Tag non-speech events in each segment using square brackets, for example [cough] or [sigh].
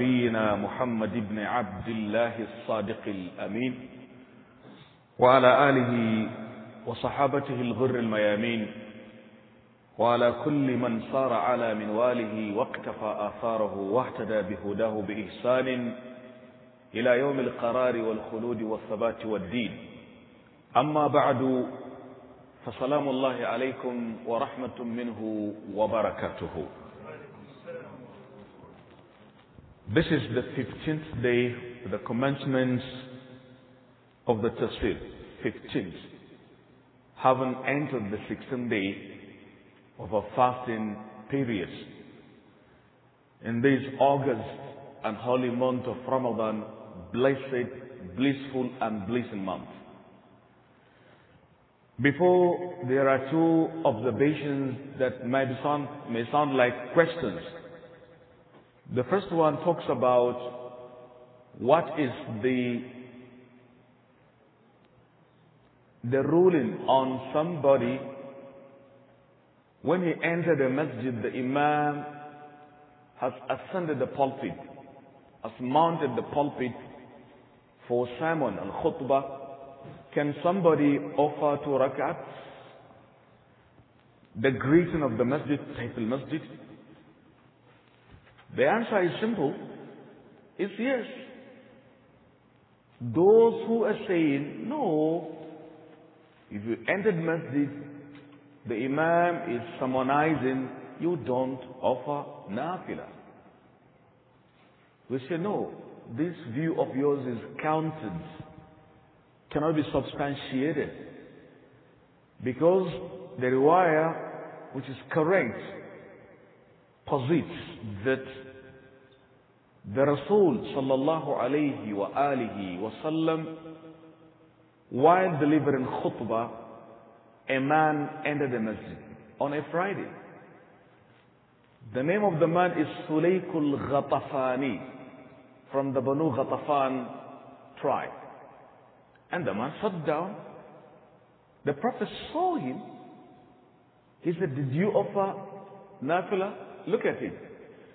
نبينا محمد بن عبد الله الصادق الأمين وعلى آله وصحابته الغر الميامين وعلى كل من صار على منواله واقتفى آثاره واهتدى بهداه بإحسان إلى يوم القرار والخلود والثبات والدين أما بعد فسلام الله عليكم ورحمة منه وبركاته This is the 15th day, the commencement of the Taswir, 15th, having entered the 16th day of our fasting period. In this August and holy month of Ramadan, blessed, blissful and blessing month. Before there are two observations that may sound, may sound like questions the first one talks about what is the the ruling on somebody when he entered the masjid, the imam has ascended the pulpit, has mounted the pulpit for sermon and khutbah. Can somebody offer two rak'ats? The greeting of the masjid, Sayyid al-Masjid, the answer is simple. It's yes. Those who are saying, no, if you entered masjid, the imam is sermonizing, you don't offer nafilah. We say, no, this view of yours is counted, cannot be substantiated. Because the riwayah, which is correct, posits that the Rasul sallallahu alayhi wa alihi wa sallam, while delivering khutbah, a man entered the masjid on a Friday. The name of the man is Sulaykul Ghatafani from the Banu Ghatafan tribe. And the man sat down. The Prophet saw him. He said, did you offer nafila? Look at him.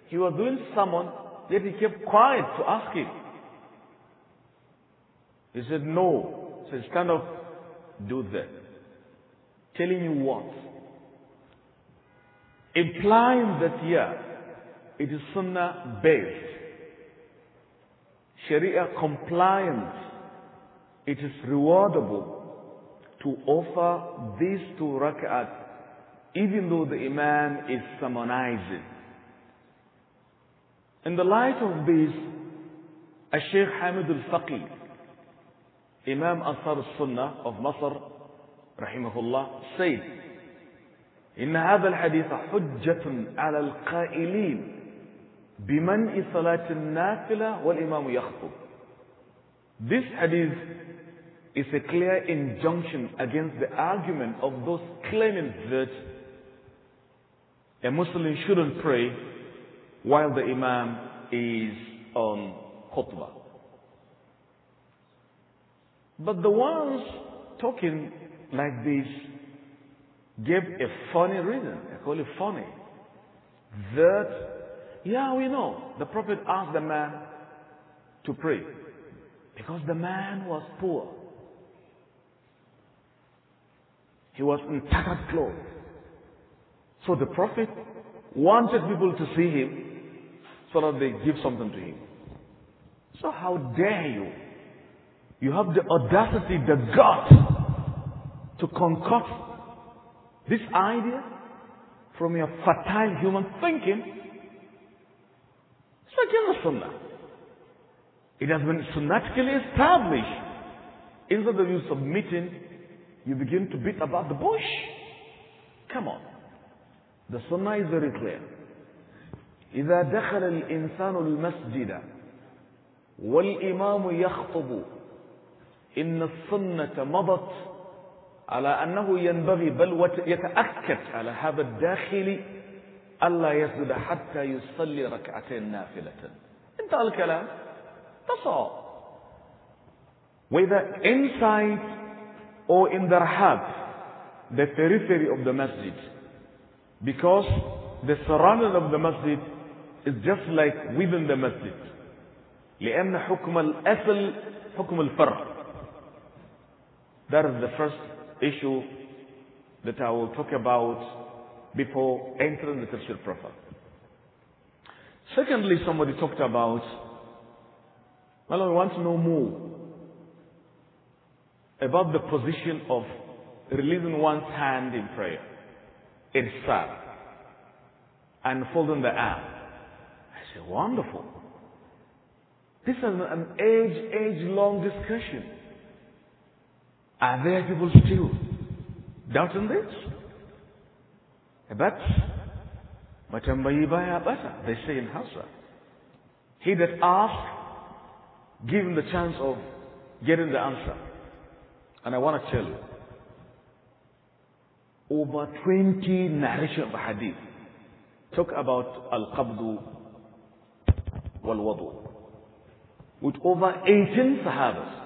He was doing someone Yet he kept quiet to ask him. He said, No. He said, Stand up, do that. Telling you what? Implying that, yeah, it is sunnah based, sharia compliant, it is rewardable to offer these two rak'at even though the imam is sermonizing. In the light of this, Sheikh Hamid al faqi Imam Ansar al-Sunnah of Masr, rahimahullah, said, إن هذا الحديث حجة على القائلين بمنع صلاة النافلة والإمام يخطب. This hadith is a clear injunction against the argument of those claiming that a Muslim shouldn't pray while the Imam is on khutbah. But the ones talking like this give a funny reason. I call it funny. That, yeah, we know. The Prophet asked the man to pray because the man was poor. He was in tattered clothes. So the Prophet wanted people to see him so that they give something to him. So how dare you? You have the audacity, the guts to concoct this idea from your fertile human thinking. It's against the Sunnah. It has been sunnatically established. Instead of you submitting, you begin to beat about the bush. Come on. The Sunnah is very clear. إذا دخل الإنسان المسجد والإمام يخطب إن السنة مضت على أنه ينبغي بل يتأكد على هذا الداخل ألا يسجد حتى يصلي ركعتين نافلة انتهى الكلام تصعب وإذا inside or in the rahab, the periphery of the masjid. Because the surrounding of the masjid is just like within the masjid لأن حكم الأصل حكم الفرع That is the first issue that I will talk about before entering the tafsir proper. Secondly, somebody talked about, well, we want to know more about the position of releasing one's hand in prayer, in salah, and folding the arms say, wonderful. This is an age, age-long discussion. Are there people still doubting this? But, matambayi baya bata, they say in Hausa. He that asks, give him the chance of getting the answer. And I want to tell you, over 20 narration of hadith talk about al-qabdu with over 18 sahabas.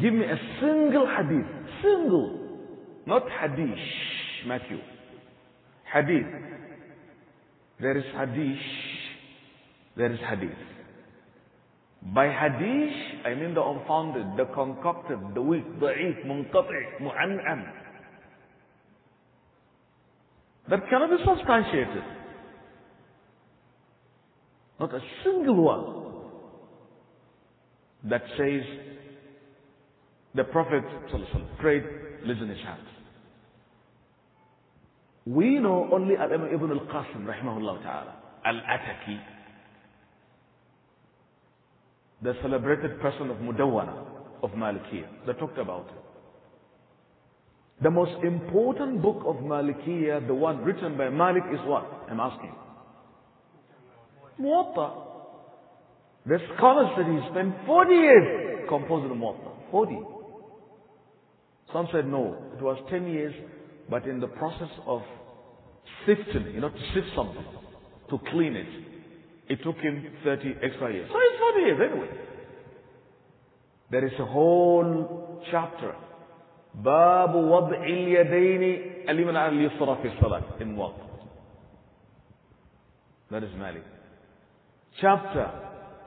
Give me a single hadith, single, not hadith, Matthew. Hadith. There is hadith, there is hadith. By hadith, I mean the unfounded, the concocted, the weak, da'if, munqati', mu'an'am. That cannot be substantiated. Not a single one that says the Prophet prayed, listen his hands. We know only Ibn al-Qasim, rahimahullah ta'ala, al-Ataki, the celebrated person of Mudawwana, of Malikiya, that talked about it. The most important book of Malikiya, the one written by Malik is what? I'm asking. Muwatta. The scholars said he spent 40 years composing the Muwatta. 40. Some said no, it was 10 years, but in the process of sifting, you know, to sift something, to clean it, it took him 30 extra years. So it's 40 years anyway. There is a whole chapter. باب وضع اليدين اليمنى على اليسرى في الصلاة in what? That is Malik chapter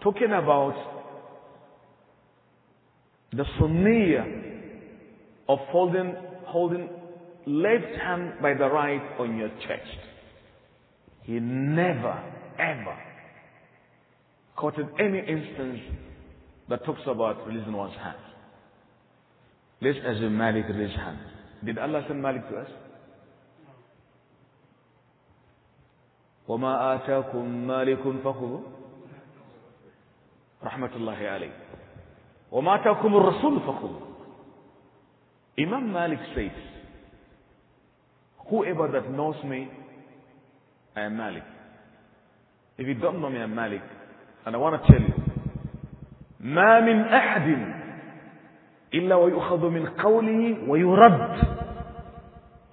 talking about the sunniyah of holding, holding left hand by the right on your chest. He never, ever quoted any instance that talks about releasing one's hand. Let's assume Malik released hand. Did Allah send Malik to us? وما آتاكم مالك فخذوه رحمة الله عليه وما تأكم الرسول فخذوا Imam Malik says, whoever that knows me, I am Malik. If you don't know me, I am Malik. And I want to tell you, ما من أحد إلا ويأخذ من قوله ويرد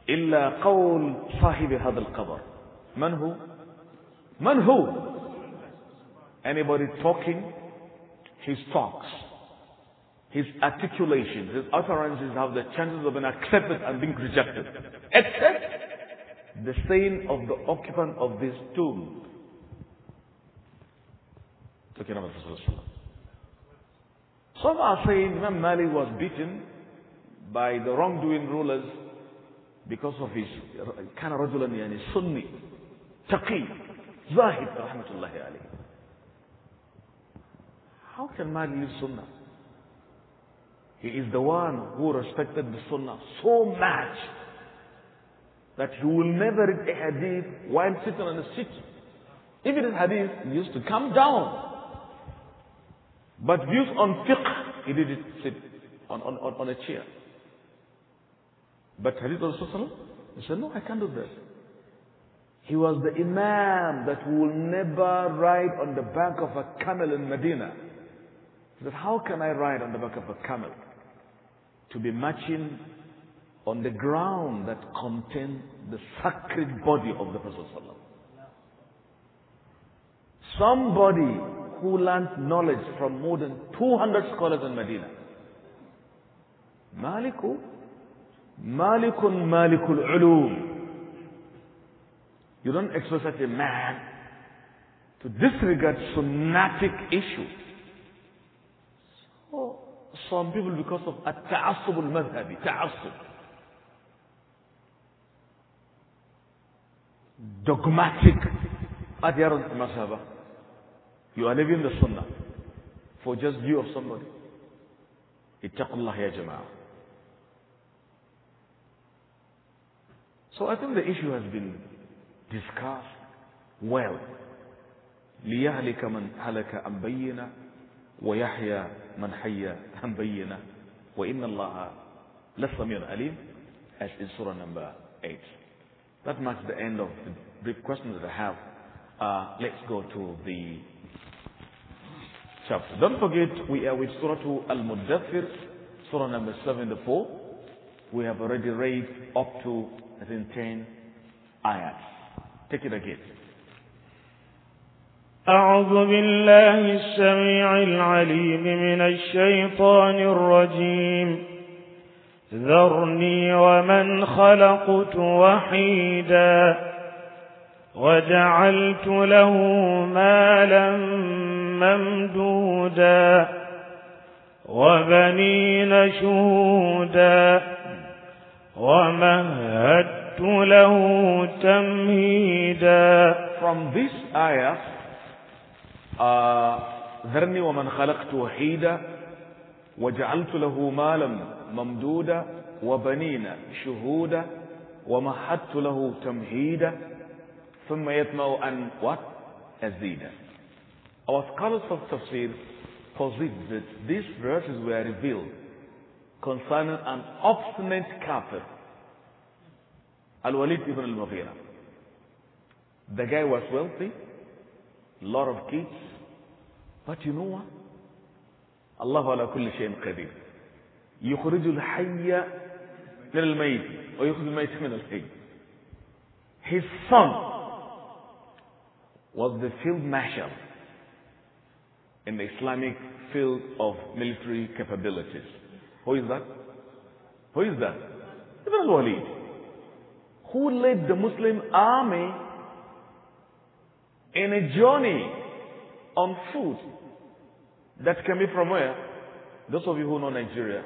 إلا قول صاحب هذا القبر من هو من هو anybody talking his talks, his articulations, his utterances have the chances of being accepted and being rejected. Except the saying of the occupant of this tomb. Talking about Some are saying Imam Mali was beaten by the wrongdoing rulers because of his kind of and his sunni, taqi, zahid, rahmatullahi alayhi. How can man leave Sunnah? He is the one who respected the Sunnah so much that he will never read a hadith while sitting on a seat. If it is hadith, he used to come down. But views on fiqh, he did sit on, on, on, a chair. But hadith of he said, no, I can't do that. He was the imam that will never ride on the back of a camel in Medina that how can I ride on the back of a camel to be marching on the ground that contains the sacred body of the Prophet Somebody who learned knowledge from more than 200 scholars in Medina. Maliku, Malikun Malikul Ulum. You don't expect such a man to disregard sunnatic issues. some people because of a ta'assub al-madhabi, Dogmatic adherence to masaba. You are living the sunnah for just view of somebody. اتقوا الله يا جماعة. So I think the issue has been discussed well. ليهلك من هلك أم بينا ويحيى من حي عن بينه وإن الله لسميع عليم as in surah number 8. That marks the end of the brief questions that I have. Uh, let's go to the chapter. Don't forget we are with Surah Al-Muddathir, Surah number 74. We have already read up to, I think, 10 ayats. Take it again. أعوذ بالله السميع العليم من الشيطان الرجيم ذرني ومن خلقت وحيدا وجعلت له مالا ممدودا وبنين شهودا ومهدت له تمهيدا From this ayah ذرني ومن خلقت وحيدا وجعلت له مالا ممدودا وبنينا شهودا ومحدت له تمهيدا ثم يطمع أن أزيدا Our scholars of tafsir posit that these verses were revealed concerning an obstinate kafir, Al-Walid ibn al-Mughira. The guy was wealthy, lot of kids. But you know what? الله على كل شيء قدير يخرج الحي من الميت ويخرج الميت من الحي His son was the field marshal in the Islamic field of military capabilities. Who is that? Who is that? Ibn al-Walid. Who led the Muslim army in a journey on foot that can be from where? Those of you who know Nigeria,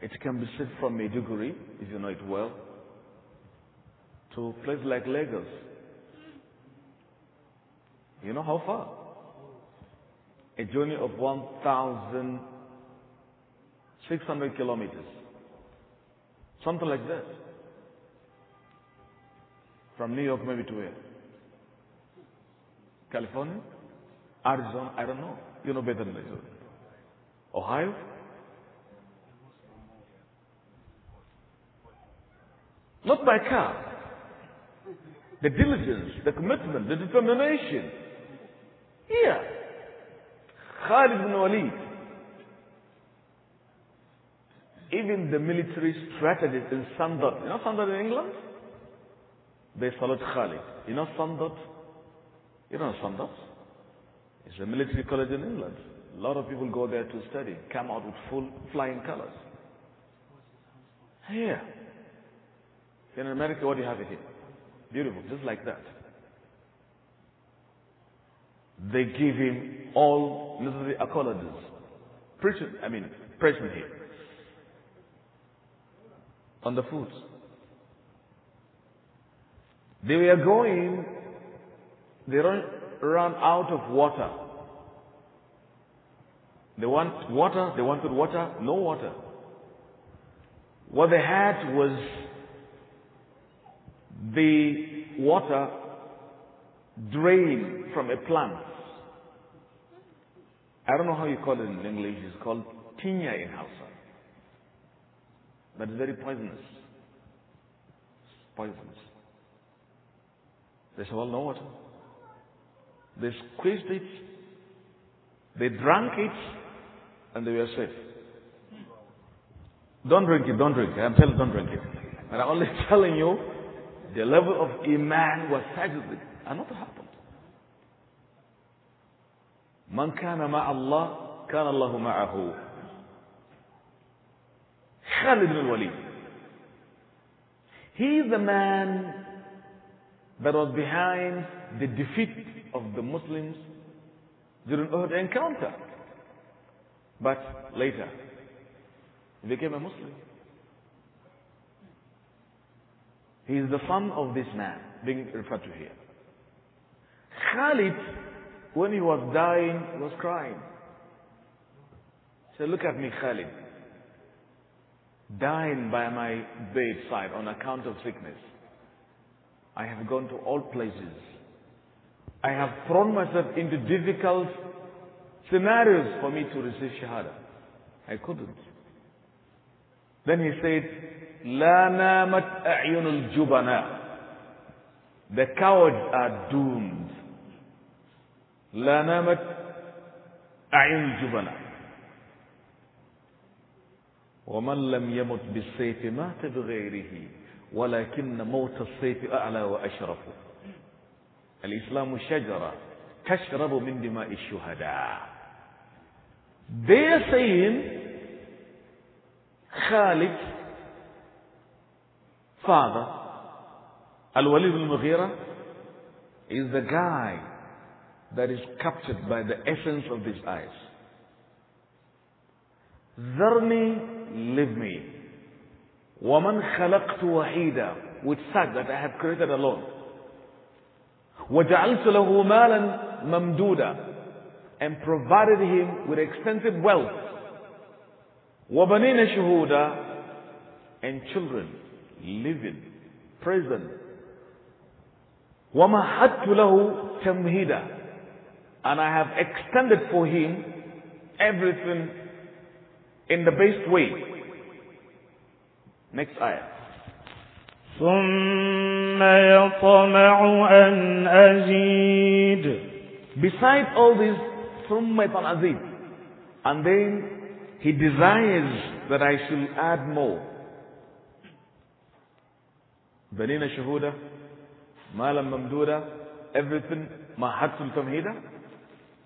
it can be said from Maiduguri, if you know it well, to a place like Lagos. You know how far? A journey of 1,600 kilometers. Something like that. From New York maybe to where? California? Arizona? I don't know. You know better than I do. Ohio? Not by car. The diligence, the commitment, the determination. Here. Khalid bin Walid. Even the military strategist in Sandot. You know Sandot in England? They salute Khalid. You know Sandot? You know Sundowns? It's a military college in England. A lot of people go there to study, come out with full flying colors. Here. In America, what do you have here? Beautiful, just like that. They give him all military accolades. Preaching, I mean, preaching here. On the foot. They were going they run, run out of water. They want water, they wanted water, no water. What they had was the water drained from a plant. I don't know how you call it in English, it's called tinya in Hausa. But it's very poisonous. It's poisonous. They said, well, no water. They squeezed it, they drank it, and they were safe. Don't drink it, don't drink it. I'm telling you, don't drink it. And I'm only [laughs] telling you, the level of Iman was such that and nothing happened. Man kana ma'Allah, kana Allahu ma'ahu. Khalid al Walid. He is the man that was behind the defeat of the Muslims during Uhud encounter. But later, he became a Muslim. He is the son of this man being referred to here. Khalid, when he was dying, was crying. Said, look at me, Khalid, dying by my bedside on account of sickness. I have gone to all places. I have thrown myself into difficult scenarios for me to receive Shahada. I couldn't. Then he said, لا نامت أعين jubana." The cowards are doomed. La نامت أعين jubana. ومن لم يمت بالسيف مات بغيره ولكن موت السيف أعلى وأشرف الإسلام شجرة تشرب من دماء الشهداء They are saying Khalid father الوليد walid is the guy that is captured by the essence of these eyes. Zarni, leave me. وَمَنْ خَلَقْتُ وَحِيدًا which said that I have created alone. وَجَعَلْتُ لَهُ مَالًا مَمْدُودًا And provided him with extensive wealth. وَبَنِينَ شُهُودًا And children, living, present. وَمَحَدْتُ لَهُ تَمْهِيدًا And I have extended for him everything in the best way. Next ayah. ثم يطمع أن أزيد Besides all this, ثم يطمع أزيد And then he desires that I should add more. بنينا شهودا مالا ممدودا everything مهدت تمهيدا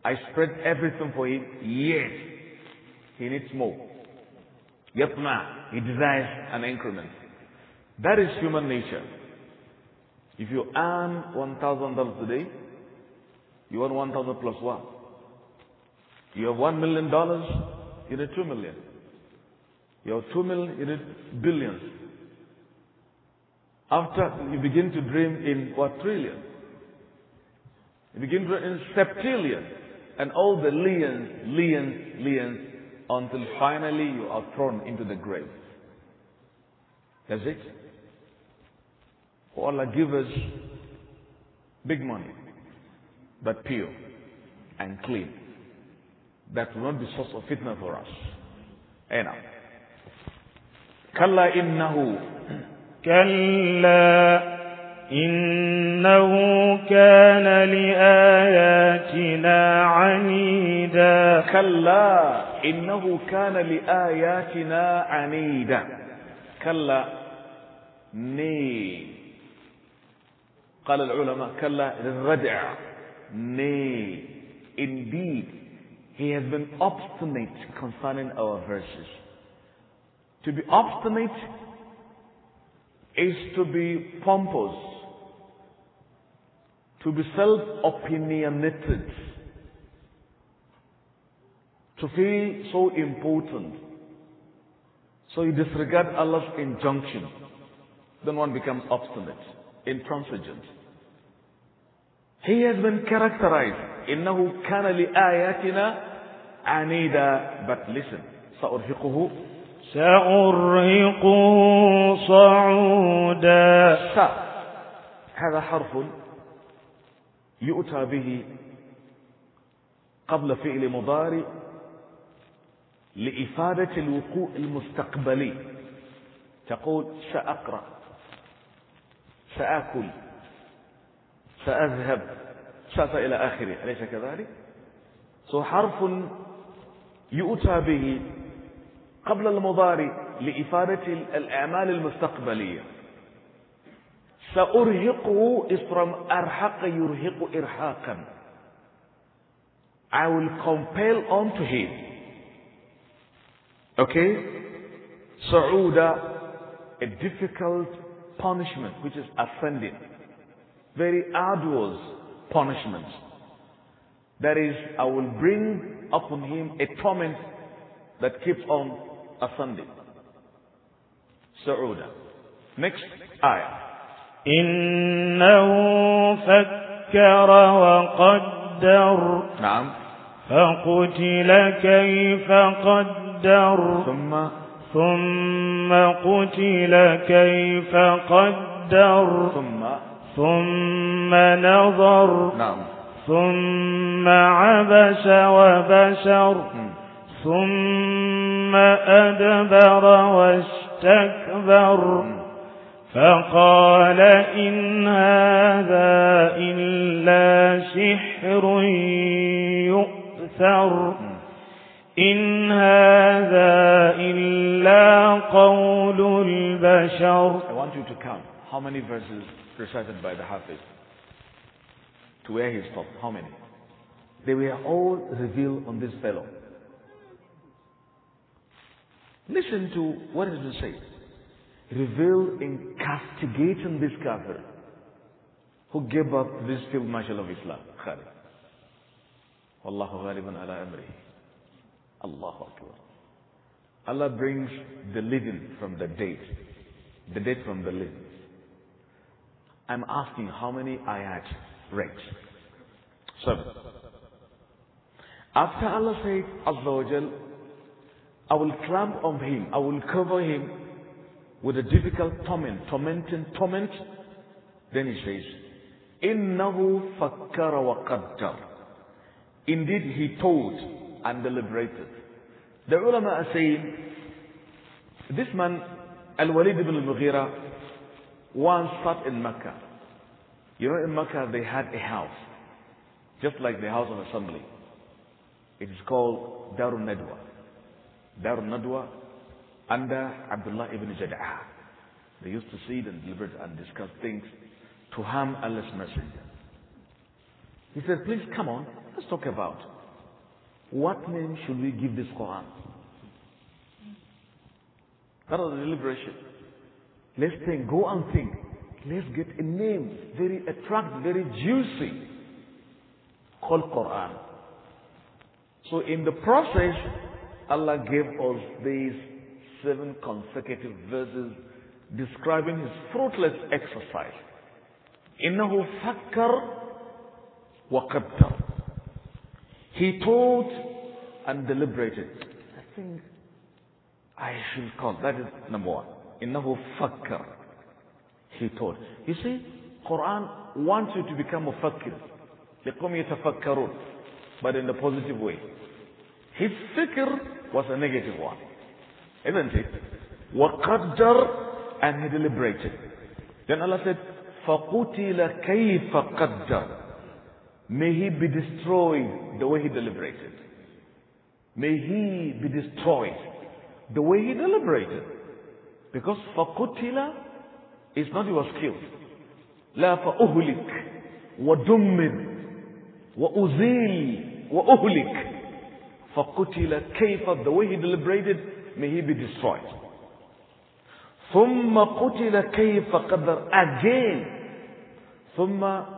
I spread everything for him. Yes, he needs more. Yapma, he desires an increment. That is human nature. If you earn $1,000 a day, you earn 1,000 plus one. You have $1 million, you need 2 million. You have 2 million, you need billions. After you begin to dream in quadrillions, You begin to dream in septillion. And all the liens, liens, liens, until finally you are thrown into the grave. That's it. Allah give us big money, but pure and clean. That will not be source of fitna for us. Enough. كلا إنه كلا إنه كان لآياتنا عنيدا كلا إنه كان لآياتنا عنيدا كلا ني قال العلماء كلا للردع ني indeed he has been obstinate concerning our verses to be obstinate is to be pompous to be self-opinionated to feel so important. So you disregard Allah's injunction. Then one becomes obstinate, intransigent. He has been characterized. إنه كان لآياتنا عنيدا. But listen. سأرهقه سأرهقه صعودا س هذا حرف يؤتى به قبل فعل مضارئ لإفادة الوقوع المستقبلي تقول سأقرأ سآكل سأذهب سأتى إلى آخره أليس كذلك؟ سو حرف يؤتى به قبل المضارع لإفادة الأعمال المستقبلية سأرهقه إصرا أرحق يرهق إرحاقا I will compel on to him Okay? Sa'uda, a difficult punishment which is ascending. Very arduous punishment. That is, I will bring upon him a torment that keeps on ascending. Sa'uda. Next ayah. إنه فكر وقدر نعم فقتل كيف قدر ثم ثم قتل كيف قدر ثم ثم نظر نعم ثم عبس وبشر ثم أدبر واستكبر فقال إن هذا إلا سحر يؤمن إن هذا إلا قول البشر I want you to count how many verses recited by the Hafiz to where he stopped. How many? They were all revealed on this fellow. Listen to what does it say? Revealed in castigating this kafir who gave up this field marshal of Islam, Khalid. Allahu Akbar. Allah brings the living from the dead, the dead from the living. I'm asking how many ayat read? Seven. After Allah said, Azza wa Jal, I will clamp on him, I will cover him with a difficult torment, tormenting torment. Then he says, إِنَّهُ فَكَّرَ وَقَدَّرَ Indeed, he taught and deliberated. The ulama are saying, this man, Al-Walid ibn al-Mughira, once sat in Mecca. You know, in Mecca they had a house, just like the house of assembly. It is called Darun Nadwa. Darun Nadwa under Abdullah ibn Jadaah. They used to sit and deliberate and discuss things to harm Allah's messenger. He said, please come on, Let's talk about what name should we give this Quran? That was deliberation. Let's think, go and think. Let's get a name very attractive, very juicy called Quran. So in the process, Allah gave us these seven consecutive verses describing his fruitless exercise. إنه فكر وقدر he thought and deliberated. I think I should call. That is number one. إنه fakkar. He thought. You see, Quran wants you to become a fakir. لقوم يتفكرون. But in a positive way. His fikr was a negative one. Isn't it? وقدر and he deliberated. Then Allah said, فَقُتِلَ كَيْفَ قَدَّرَ May he be destroyed the way he deliberated. May he be destroyed the way he deliberated. Because فَقُتِلَ is not he was killed. لَا فَأُهْلِكْ وَدُمِّرْ وَأُزِيلْ وَأُهْلِكْ فَقُتِلَ كَيْفَ The way he deliberated, may he be destroyed. ثُمَّ قُتِلَ كَيْفَ قَدَرْ Again. ثُمَّ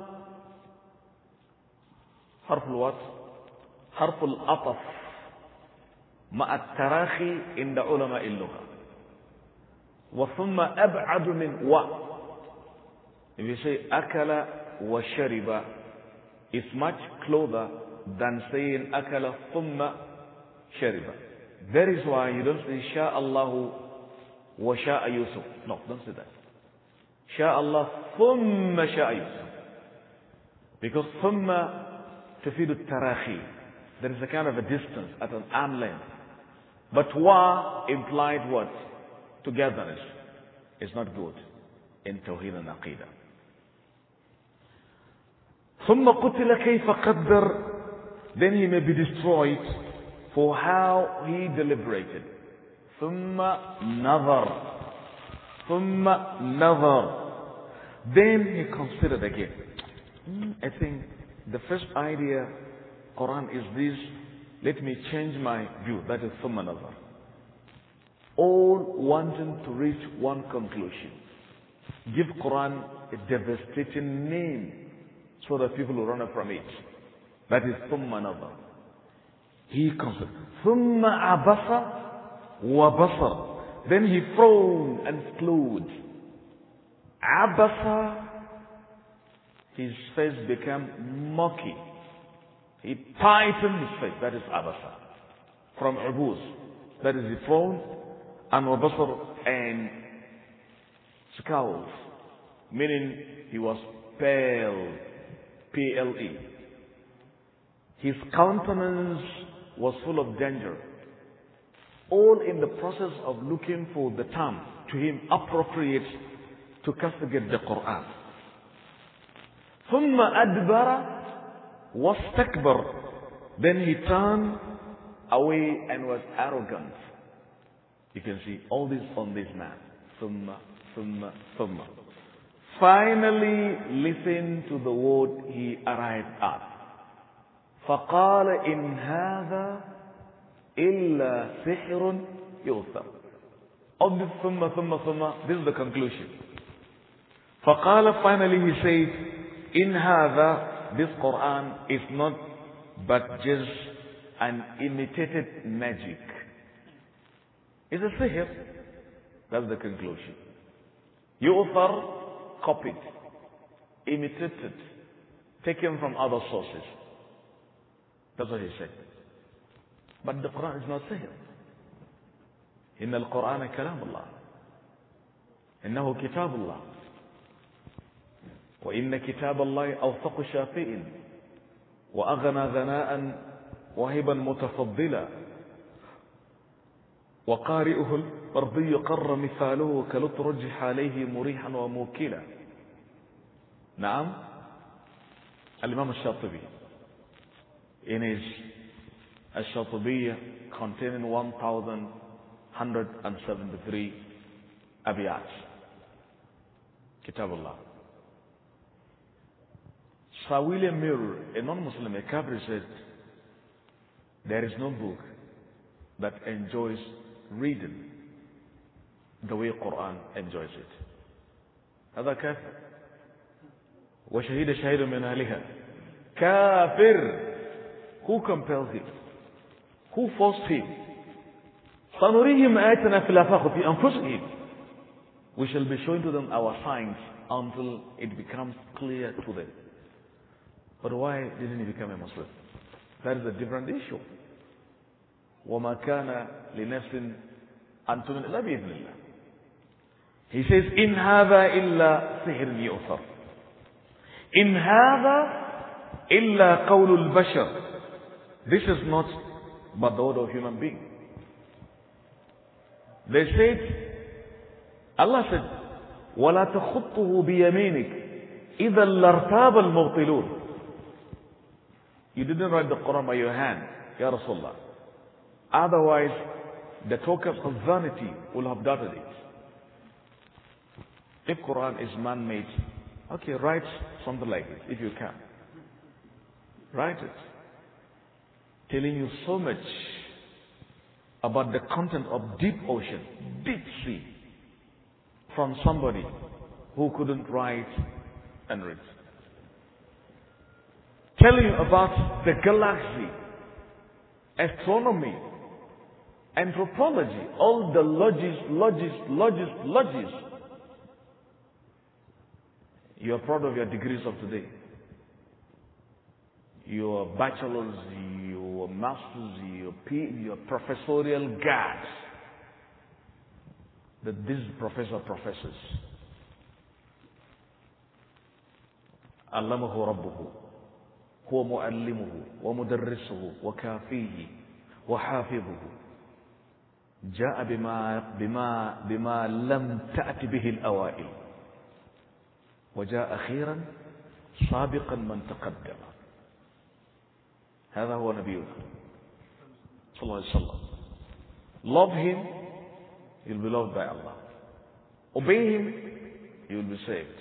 حرف الوصف حرف الأطف مع التراخي عند علماء اللغة وثم أبعد من و If you say أكل وشرب It's much closer than saying أكل ثم شرب that is why you don't say شاء الله وشاء يوسف no don't say that شاء الله ثم شاء يوسف because ثم تفيد tarahi, there is a kind of a distance at an arm length but wa implied what togetherness is not good in توحيد العقيده ثم قتل كيف قدر then he may be destroyed for how he deliberated ثم نظر ثم نظر then he considered again hmm, I think the first idea, Quran is this, let me change my view. That is Thumma All wanting to reach one conclusion. Give Quran a devastating name so that people will run away from it. That is Thumma He comes. Thumma Abasa wa Basar. Then he frowned and slowed. Abasa his face became murky. He tightened his face, that is Abasa. From Ubuz, that is the phone and Wabasar and scowls, meaning he was pale, P-L-E. His countenance was full of danger. All in the process of looking for the term to him appropriate to castigate the Quran. ثم أدبر واستكبر then he turned away and was arrogant you can see all this on this man ثم ثم ثم finally listen to the word he arrived at فقال إن هذا إلا سحر يؤثر of this ثم ثم ثم this is the conclusion فقال finally he said In هذا, this Quran is not but just an imitated magic. It's a sihr. That's the conclusion. Yu'thar, copied, imitated, taken from other sources. That's what he said. But the Quran is not sihr. al-quran Kalam Allah. إنه Kitab Allah. وإن كتاب الله أوثق شافئ وأغنى ذناء وهبا متفضلا وقارئه الأرضي قر مثاله كلطرج حاليه مريحا وموكلا نعم الإمام الشاطبي in his ash shatubiyya containing 1173 abiyats Kitabullah Sir William Merrill, a non-Muslim, a Kabri said, there is no book that enjoys reading the way Quran enjoys it. هذا كافر. وشهيد شهيد من أهلها. كافر. Who compelled him? Who forced him? سنريهم آياتنا في الآفاق في أنفسهم. We shall be showing to them our signs until it becomes clear to them. But why didn't he become a Muslim? That is a different issue. وَمَا كَانَ لِنَفْسٍ أَن تُؤْمِنَ إِلَّا بِإِذْنِ اللَّهِ He says, إِنْ هَذَا إِلَّا سِحْرٌ يُؤْثَرُ إِنْ هَذَا إِلَّا قَوْلُ الْبَشَرِ This is not but the word of human being. They said, Allah said, وَلَا تَخُطُّهُ بِيَمِينِكَ إِذَا لَارْتَابَ الْمُبْطِلُونَ you didn't write the Quran by your hand, Ya Rasulullah. Otherwise, the talk of vanity will have doubted it. If Quran is man-made, okay, write something like it if you can. Write it. Telling you so much about the content of deep ocean, deep sea, from somebody who couldn't write and read telling you about the galaxy, astronomy, anthropology, all the logis, logis, logis, logis. You are proud of your degrees of today. Your bachelor's, your master's, your, P, your professorial guards that this professor professes. Allahu Rabbuhu. هو مؤلمه ومدرسه وكافيه وحافظه جاء بما, بما, بما لم تأت به الأوائل وجاء أخيرا سابقا من تقدم هذا هو نبينا صلى الله عليه وسلم love him you'll be loved by Allah obey him you'll be saved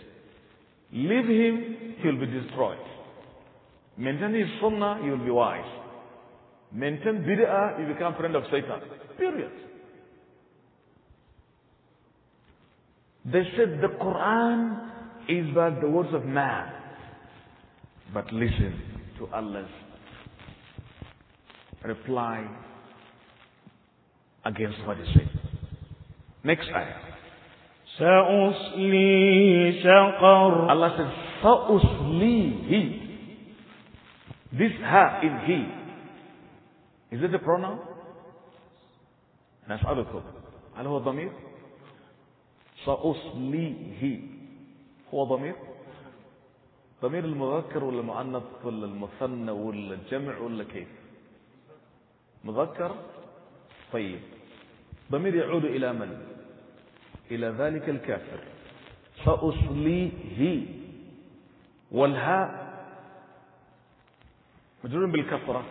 leave him he'll be destroyed Maintain his sunnah, you will be wise. Maintain bid'ah, you become friend of Satan. Period. They said the Quran is but the words of man. But listen to Allah's reply against what he said. Next ayah. سأصليه سقر Allah said سأصليه This ha is he. Is it a pronoun? نسألكم هل هو ضمير؟ سأصليه هو ضمير؟ ضمير المذكر ولا المؤنث ولا المثنى ولا الجمع ولا كيف؟ مذكر طيب ضمير يعود إلى من؟ إلى ذلك الكافر سأصليه والهاء مجرور بالكسرة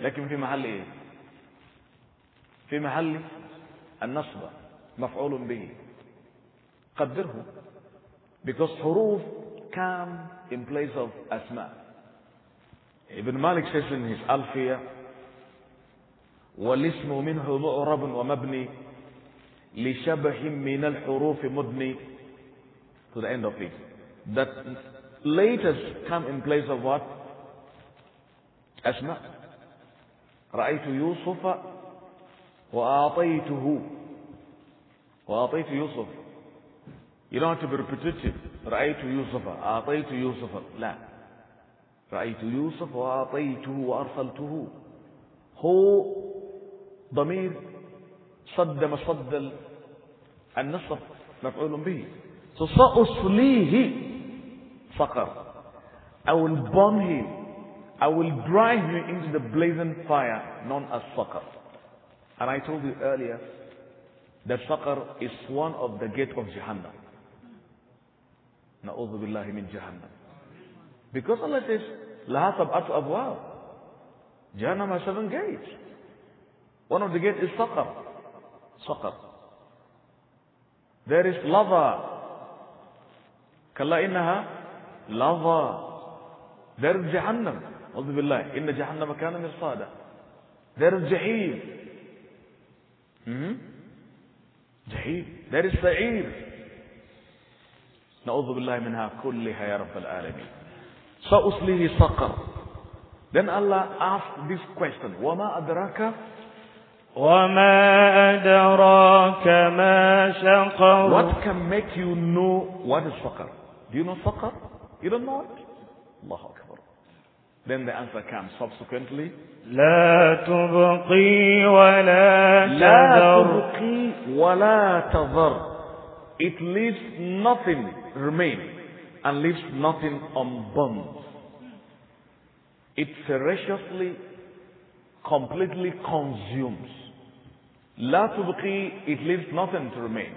لكن في محل إيه في محل النصب مفعول به قدره because حروف come in place of أسماء ابن مالك says in his Alfiya والاسم منه معرب ومبني لشبه من الحروف مبني to the end of it that latest come in place of what أسمع رأيت يوسف وأعطيته وأعطيت يوسف You don't have to be repetitive. رأيت يوسف أعطيت يوسف لا رأيت يوسف وأعطيته وأرسلته هو ضمير صد مصد النصب مفعول به سأصليه فقر أو will I will drive you into the blazing fire known as Saqar. And I told you earlier that Saqar is one of the gates of Jahannam. Na'udhu billahi min Jahannam. Because Allah says, لَهَا سَبْعَةُ أَبْوَابٍ Jahannam has seven gates. One of the gates is Saqar. Saqar. There is lava. كلا إنها lava. There is Jahannam. أعوذ بالله إن جهنم كان مرصادا there is جحيم جحيم there is سعير نعوذ بالله منها كلها يا رب العالمين سأصليه سقر Then Allah asked this question. وَمَا أَدْرَاكَ وَمَا أَدْرَاكَ مَا شَقَرُ What can make you know what is فَقَر? Do you know فَقَر? You don't know it? Allah Akbar. Then the answer comes subsequently. لا تبقي ولا تذر. تبقي ولا تذر. It leaves nothing remaining and leaves nothing unburned. It ferociously, completely consumes. لا تبقي, it leaves nothing to remain.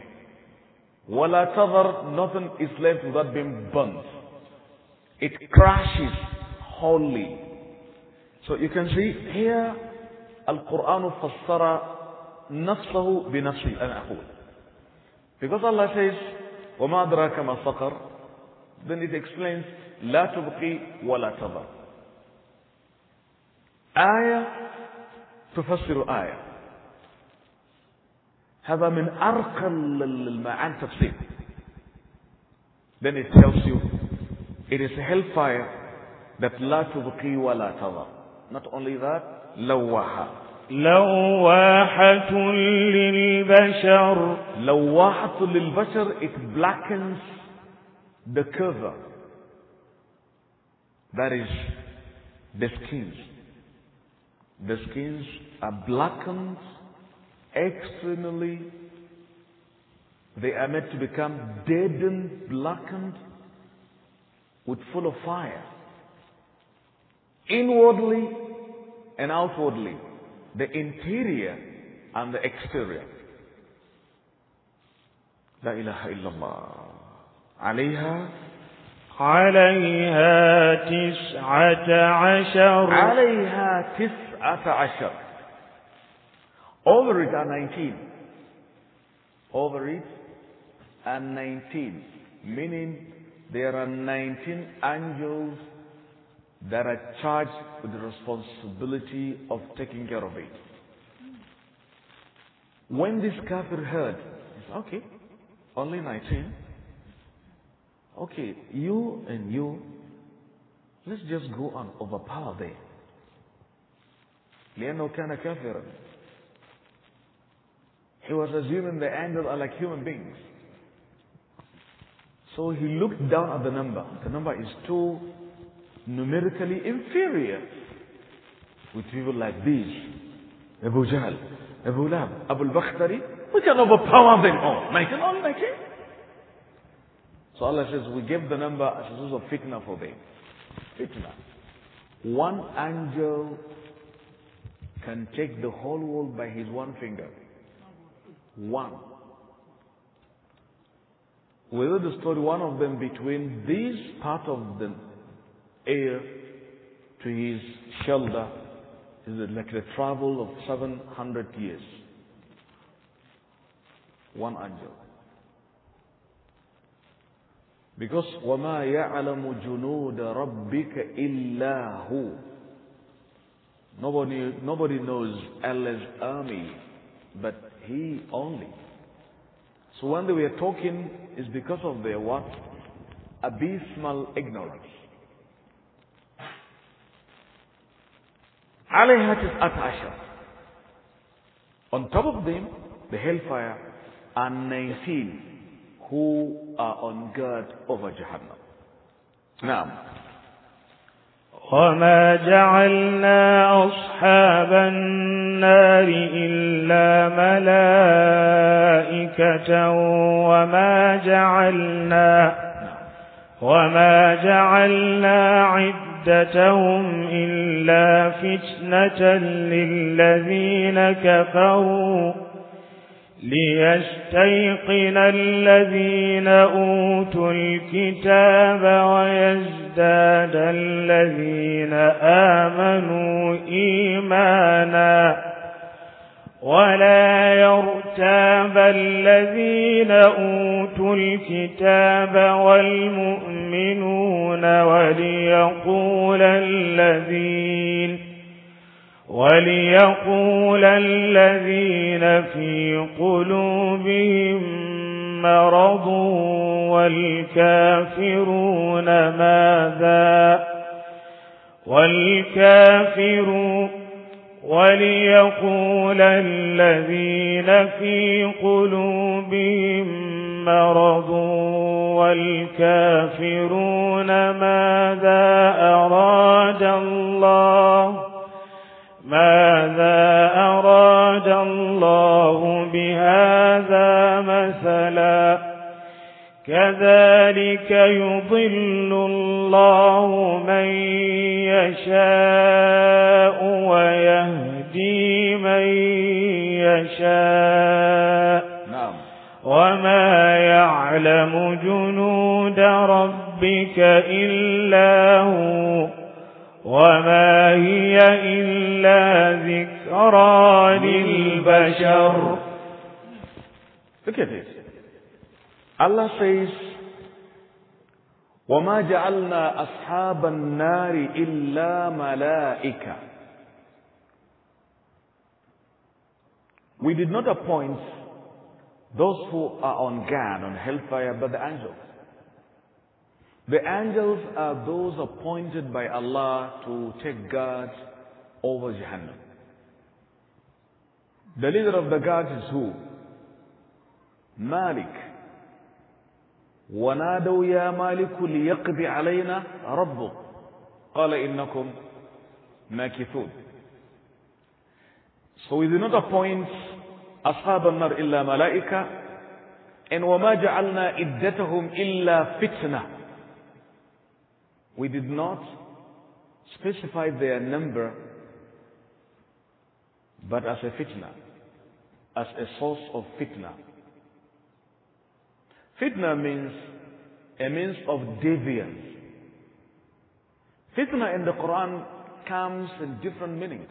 ولا تذر, nothing is left without being burned. It crashes holy. So you can see here القرآن فسر نفسه بنفسي أنا أقول. Because Allah says وما أدراك ما سقر then it explains لا تبقي ولا تضر. آية تفسر آية. هذا من أرقى المعاني تفسير. Then it tells you it is hellfire that لا تبقي ولا تضر not only that لواحة لواحة للبشر لواحة للبشر it blackens the cover that is the skins the skins are blackened externally they are meant to become deadened blackened with full of fire inwardly and outwardly, the interior and the exterior. La ilaha illallah. عليها عليها تسعة عشر عليها تسعة عشر Over it are 19. Over it are 19. Meaning there are 19 angels that are charged with the responsibility of taking care of it. When this kafir heard, he said, okay, only 19. Okay, you and you, let's just go and overpower them. لأنه كان كافرا. He was assuming the angels are like human beings. So he looked down at the number. The number is two numerically inferior with people like these. Abu Jahl, Abu Lab, Abu al-Bakhtari, we can overpower them all. Make it, all like So Allah says, we give the number as a source of fitna for them. Fitna. One angel can take the whole world by his one finger. One. We will the story, one of them between this part of the Air to his shelter is like the travel of 700 years. One angel. Because وَمَا يَعْلَمُ جُنُودَ رَبِّكَ إِلَّا هُ Nobody, nobody knows Allah's army but He only. So when they were talking, is because of their what? Abysmal ignorance. عليها تسعة عشر On top of them, the hellfire and 19 who are on guard over Jahannam. نعم. وما جعلنا أصحاب النار إلا ملائكة وما جعلنا وما جعلنا عدتهم إلا فتنة للذين كفروا ليستيقن الذين أوتوا الكتاب ويزداد الذين آمنوا إيماناً ولا يرتاب الذين أوتوا الكتاب والمؤمنون وليقول الذين وليقول الذين في قلوبهم مرض والكافرون ماذا والكافرون وليقول الذين في قلوبهم مرض والكافرون ماذا أراد الله ماذا أراد الله بهذا كذلك يضل الله من يشاء ويهدي من يشاء نعم وما يعلم جنود ربك إلا هو وما هي إلا ذكرى للبشر Look at this. Allah says, وَمَا جَعَلْنَا أَصْحَابَ النَّارِ إِلَّا مَلَائِكَةً We did not appoint those who are on guard, on hellfire, but the angels. The angels are those appointed by Allah to take guard over Jahannam. The leader of the guard is who? Malik. ونادوا يا مالك ليقضي علينا ربك قال إنكم ماكثون So we did not appoint أصحاب النار إلا ملائكة and وما جعلنا إدتهم إلا فتنة We did not specify their number but as a fitna as a source of fitna Fitna means a means of deviance. Fitna in the Quran comes in different meanings.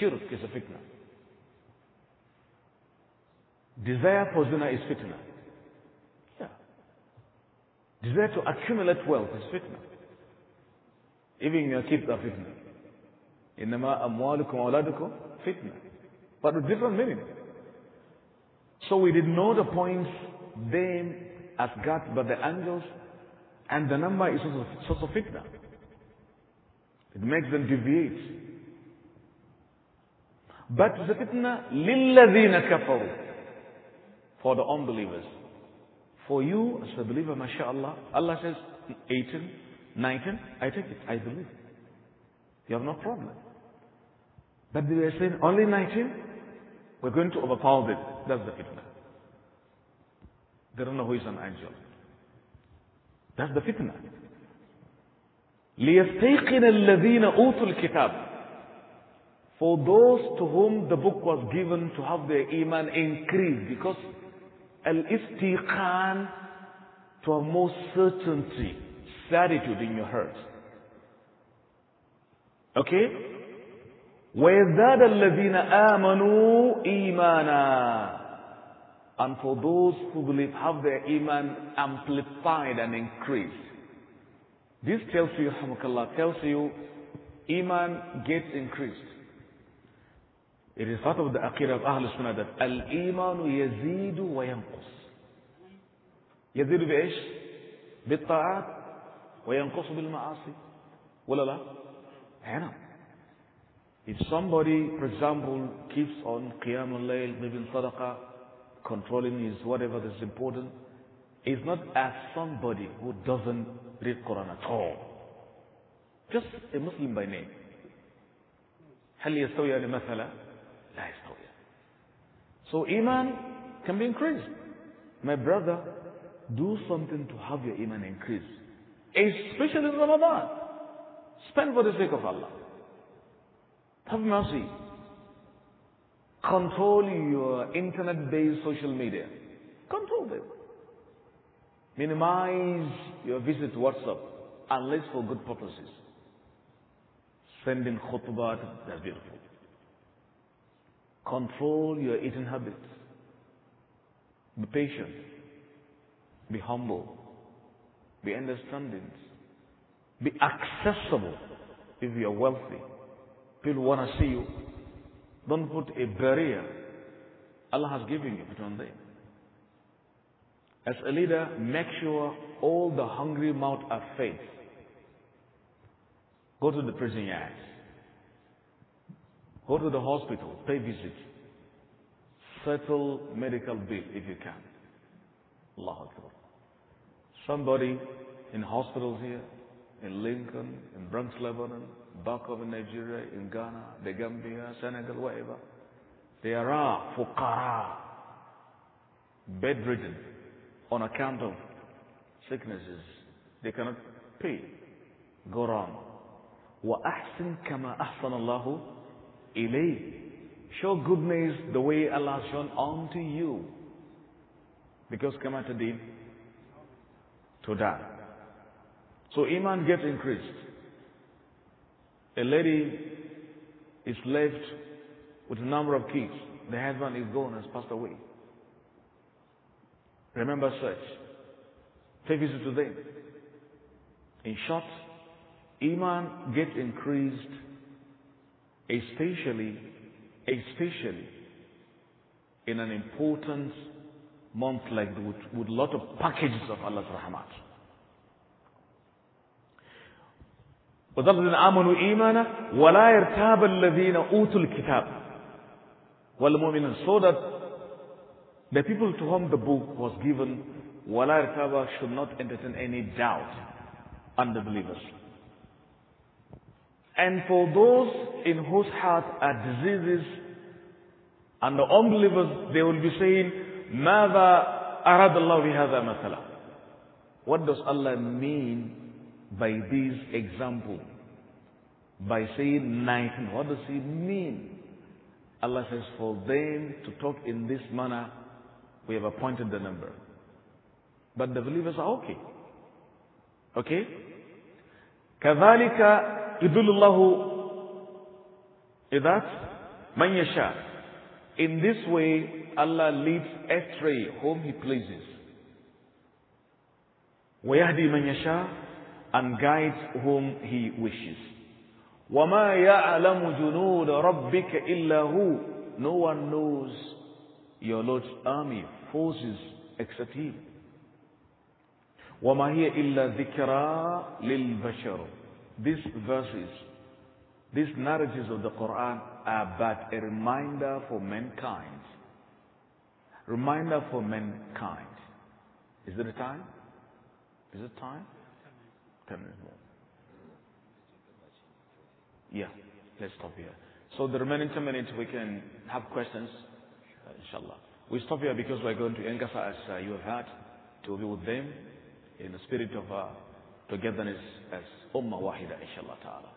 Shirk is a fitna. Desire for zina is fitna. Yeah. Desire to accumulate wealth is fitna. Even your keep are fitna. Inama amwalukum وأولادكم fitna. But with different meaning. So we did know the points then as God but the angels, and the number is also source of fitna. It makes them deviate. But the fitna لِلَّذِينَ كَفَرُوا For the unbelievers. For you, as a believer, mashallah, Allah says, 18, 19, I take it, I believe. You have no problem. But they were saying, only 19? We're going to overpower them. That's the fitna. they don't know who is an angel. That's the fitna. ليستيقن الذين أوتوا الكتاب For those to whom the book was given to have their iman increased because al-istiqan to have more certainty, certitude in your heart. Okay? وَيَزَّادَ الَّذِينَ آمَنُوا إِيمَانًا And for those who believe, have their iman amplified and increased. This tells you, Hamakallah, tells you, iman gets increased. It is part of the aqidah of Ahlul Sunnah that al-imanu yazidu wa yanqus. يزيد بإيش؟ بالطاعات وينقص بالمعاصي ولا لا؟ هنا If somebody, for example, keeps on Qiyam al-Layl, giving sadaqah, controlling his whatever that's important, is not as somebody who doesn't read Quran at all. Just a Muslim by name. هل يستوي مثلا لا يستوي so iman can be increased my brother do something to have your iman increased especially in Ramadan spend for the sake of Allah have mercy Control your internet-based social media. Control them. Minimize your visit to WhatsApp unless for good purposes. Sending khutbah, that's beautiful. Control your eating habits. Be patient. Be humble. Be understanding. Be accessible if you are wealthy. People want to see you. Don't put a barrier. Allah has given you between them. As a leader, make sure all the hungry mouths are fed. Go to the prison yards. Go to the hospital. Pay visit, Settle medical bill if you can. Allah Akbar. Somebody in hospitals here, in Lincoln, in Bronx, Lebanon, Bako in Nigeria, in Ghana, the Gambia, Senegal, wherever. There are fukara, bedridden on account of sicknesses. They cannot pay. Go wrong. وَأَحْسِنْ كَمَا أَحْسَنَ اللَّهُ إِلَيْهِ Show goodness the way Allah has shown unto you. Because كَمَا تَدِينَ To die. So Iman gets increased. A lady is left with a number of kids. The husband is gone, has passed away. Remember such. Take visit to them. In short, Iman gets increased especially, especially in an important month like with, with lot of packages of Allah's rahmat. وذبذن آمنوا إيمانا ولا يرتاب الذين أوتوا الكتاب والمؤمنين so that the people to whom the book was given ولا يرتاب should not entertain any doubt on the believers and for those in whose heart are diseases and the unbelievers they will be saying ماذا أراد الله بهذا مثلا what does Allah mean by this example, by saying 19. What does he mean? Allah says, for them to talk in this manner, we have appointed the number. But the believers are okay. Okay? كذلك يدل الله that من يشاء In this way, Allah leads astray whom He pleases. ويهدي من يشاء and guides whom he wishes. وَمَا يَعْلَمُ جُنُودَ رَبِّكَ إِلَّا هُ No one knows your Lord's army, forces, except Him. وَمَا هِيَ إِلَّا ذِكْرَى لِلْبَشَرُ These verses, these narratives of the Quran are but a reminder for mankind. Reminder for mankind. Is it a time? Is it time? 10 more. Yeah, let's stop here. So the remaining 10 minutes, we can have questions, uh, inshallah. We stop here because we're going to Engasa as uh, you have heard, to be with them in the spirit of uh, togetherness as Ummah Wahida, inshallah ta'ala.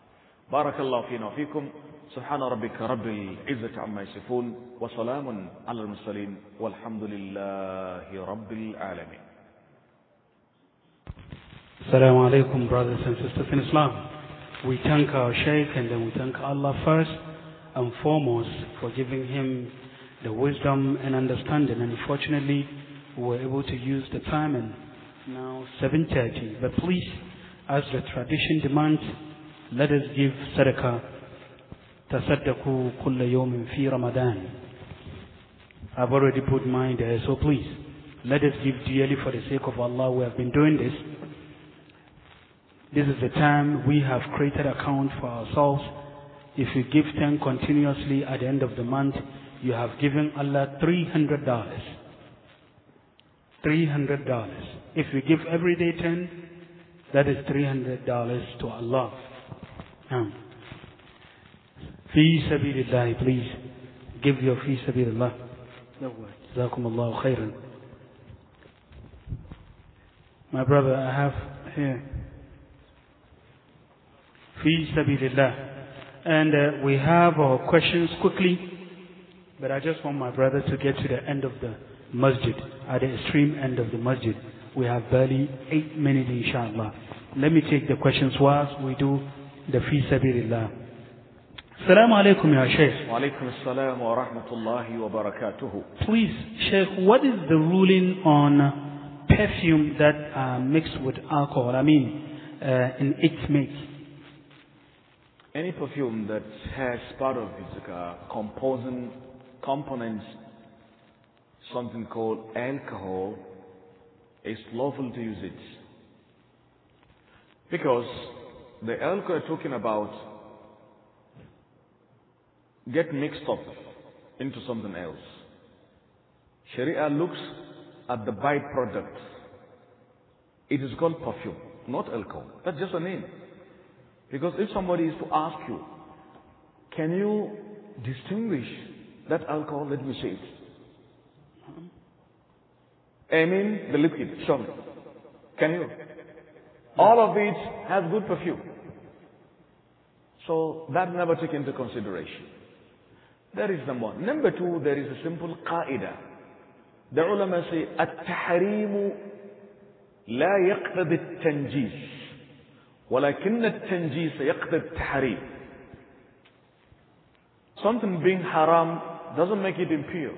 بارك الله فينا وفيكم سبحان ربك رب العزة عما يصفون وسلام على المرسلين والحمد لله رب العالمين Assalamu alaikum, brothers and sisters in Islam. We thank our Shaykh and then we thank Allah first and foremost for giving him the wisdom and understanding. And fortunately, we were able to use the time and now 7.30. But please, as the tradition demands, let us give sadaqah. Tasaddaqu kulla yawmin fi Ramadan. I've already put mine there, so please, let us give dearly for the sake of Allah. We have been doing this. This is the time we have created account for ourselves. If you give 10 continuously at the end of the month, you have given Allah $300. $300. If you give every day 10, that is $300 to Allah. Now, Fee sabilillah, please give your fi No Jazakum Allah khairan. My brother, I have here fi sabilillah. And uh, we have our questions quickly, but I just want my brother to get to the end of the masjid, at the extreme end of the masjid. We have barely eight minutes, inshallah. Let me take the questions whilst we do the fi sabilillah. السلام عليكم Wa شيخ وعليكم السلام wa الله Please, Shaykh, what is the ruling on perfume that are uh, mixed with alcohol? I mean, uh, in its mix any perfume that has part of its uh, composing components something called alcohol is lawful to use it because the alcohol we're talking about get mixed up into something else sharia looks at the byproduct it is called perfume not alcohol that's just a name because if somebody is to ask you, can you distinguish that alcohol? Let me say it. I mean the liquid, show me. Can you? All of it has good perfume. So that never take into consideration. That is number one. Number two, there is a simple qaida. The ulama say, at التحريم la يقتضي التنجيس. ولكن التنجيس يقتضي التحريم something being haram doesn't make it impure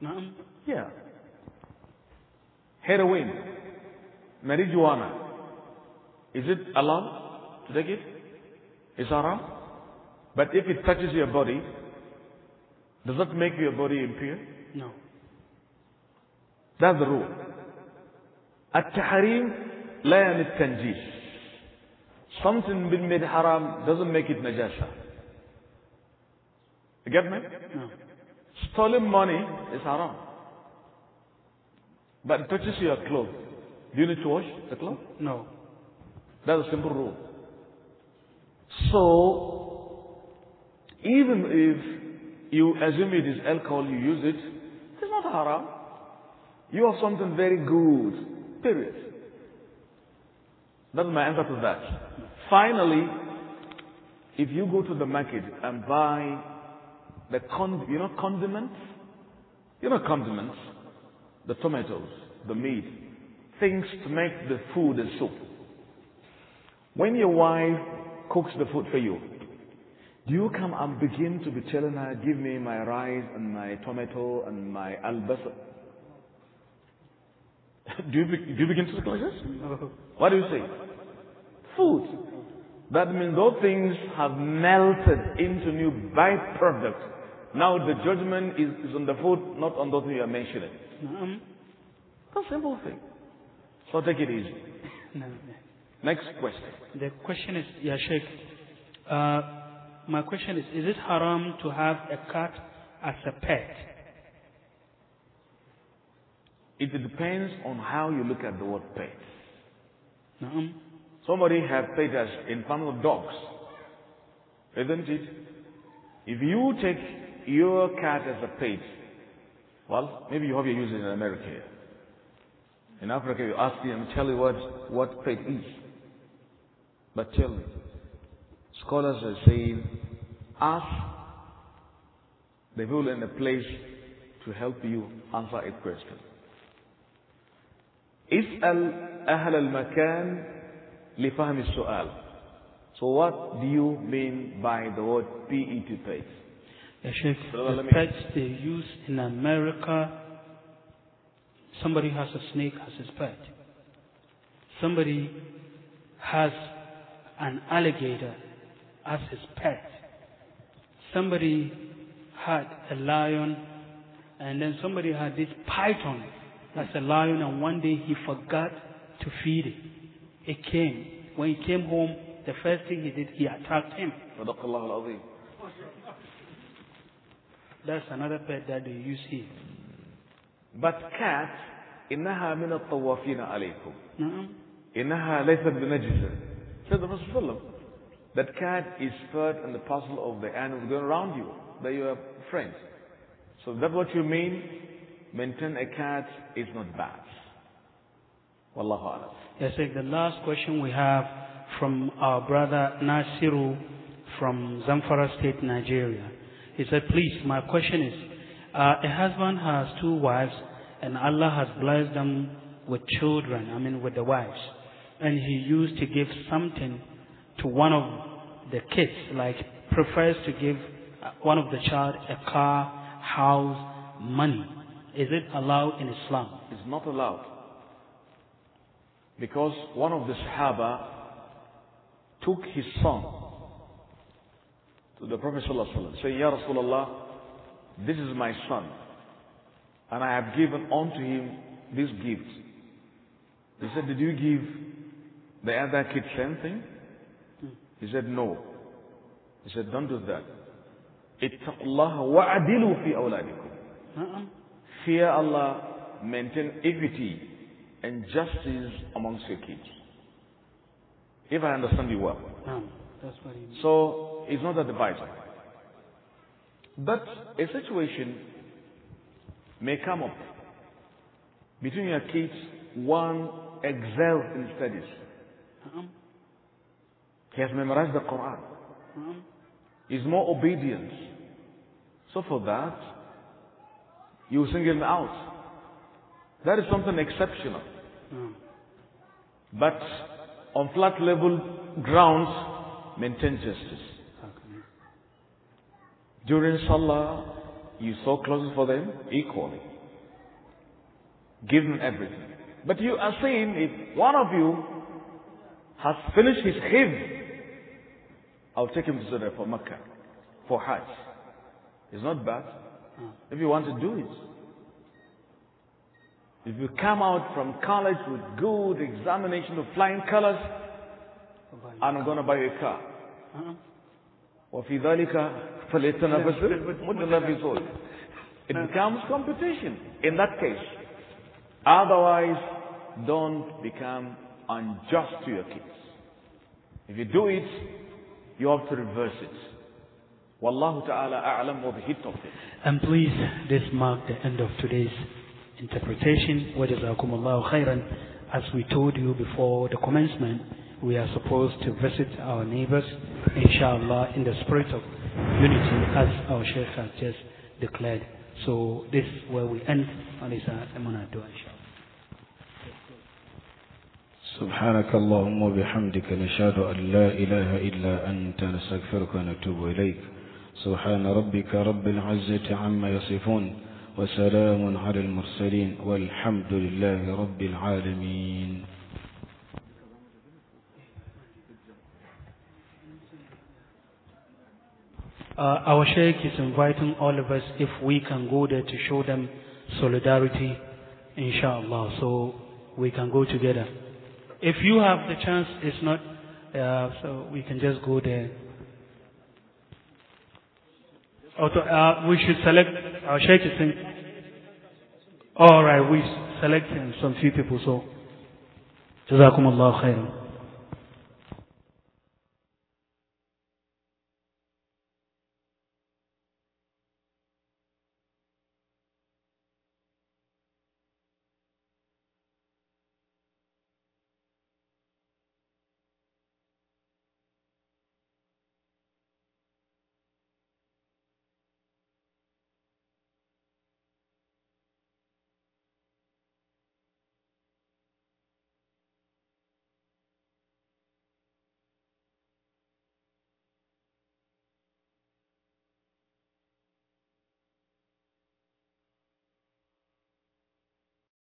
نعم yeah heroin marijuana is it allowed to take it it's haram but if it touches your body does that make your body impure no that's the rule at-tahrim it to تنجيس Something been made haram doesn't make it najasa. You get me? No. Stolen money is haram. But it touches your clothes. Do you need to wash the clothes? No. That's a simple rule. So, even if you assume it is alcohol, you use it, it's not haram. You have something very good. Period. That's my answer to that. Finally, if you go to the market and buy the con, you know, condiments, you know, condiments, the tomatoes, the meat, things to make the food and soup. When your wife cooks the food for you, do you come and begin to be telling her, give me my rice and my tomato and my albasa? [laughs] do, you, do you begin to look like this? What do you say? Food. That means those things have melted into new byproducts. Now the judgment is, is on the food, not on those you are mentioning. No. simple thing. So take it easy. [laughs] Next question. The question is, Ya Sheikh, uh, my question is, is it haram to have a cat as a pet? It depends on how you look at the word pet. Somebody have pet as in front of dogs, isn't it? If you take your cat as a pet, well, maybe you have your users in America. In Africa, you ask them, tell you what, what pet is. But tell me, scholars are saying, ask the people in the place to help you answer a question. اسأل أهل المكان لفهم السؤال So what do you mean by the word PET Pets Yeah, Sheikh, the they use in America, somebody has a snake as his pet. Somebody has an alligator as his pet. Somebody had a lion, and then somebody had this python as a lion, and one day he forgot to feed it. It came. When he came home, the first thing he did, he attacked him. That's another pet that they use here. But cat, إنها من الطوافين عليكم. إنها ليست بنجسة. Said the Prophet that cat is part and the parcel of the animals going around you, that you are friends. So that's what you mean maintain a cat is not bad. Wallahu alam. Yes, the last question we have from our brother Nasiru from Zamfara State, Nigeria. He said, please, my question is, uh, a husband has two wives and Allah has blessed them with children, I mean with the wives. And he used to give something to one of the kids, like prefers to give uh, one of the child a car, house, money. Is it allowed in Islam? It's not allowed. Because one of the Sahaba took his son to the Prophet ﷺ. Say, Ya Rasulullah, this is my son. And I have given unto him this gift. He said, did you give the other kid same thing? Hmm. He said, no. He said, don't do that. اتقوا الله وعدلوا في أولادكم. Fear Allah, maintain equity and justice amongst your kids. If I understand you well. so it's not a device. But a situation may come up between your kids, one excels in studies. he has memorized the Quran. He's more obedient. So for that, using him out. That is something exceptional. Mm. But on flat level grounds, maintain justice. During Salah, you saw clothes for them equally. Give them everything. But you are saying if one of you has finished his hymn, I'll take him to Zurich for Makkah, for Hajj. It's not bad. If you want to do it. If you come out from college with good examination of flying colors, I'm going to buy you a car. Uh-huh. [laughs] it becomes competition in that case otherwise don't become unjust to your kids if you do it you have to reverse it Wallahu ta'ala a'lam wa bihi And please, this marked the end of today's interpretation. Wa jazakumullahu khairan. As we told you before the commencement, we are supposed to visit our neighbors, inshallah, in the spirit of unity, as our Sheikh has just declared. So this is where we end on this Amanah Dua, inshallah. سبحانك اللهم وبحمدك نشهد أن لا إله إلا أنت نستغفرك ونتوب إليك سبحان ربك رب العزة عما يصفون وسلام على المرسلين والحمد لله رب العالمين Uh, our Sheikh is inviting all of us if we can go there to show them solidarity, inshallah, so we can go together. If you have the chance, it's not, uh, so we can just go there. Oh, so, uh, we should select uh, Sheikh is in. All right, we selecting some few people. So, Jazakum Allah khairan.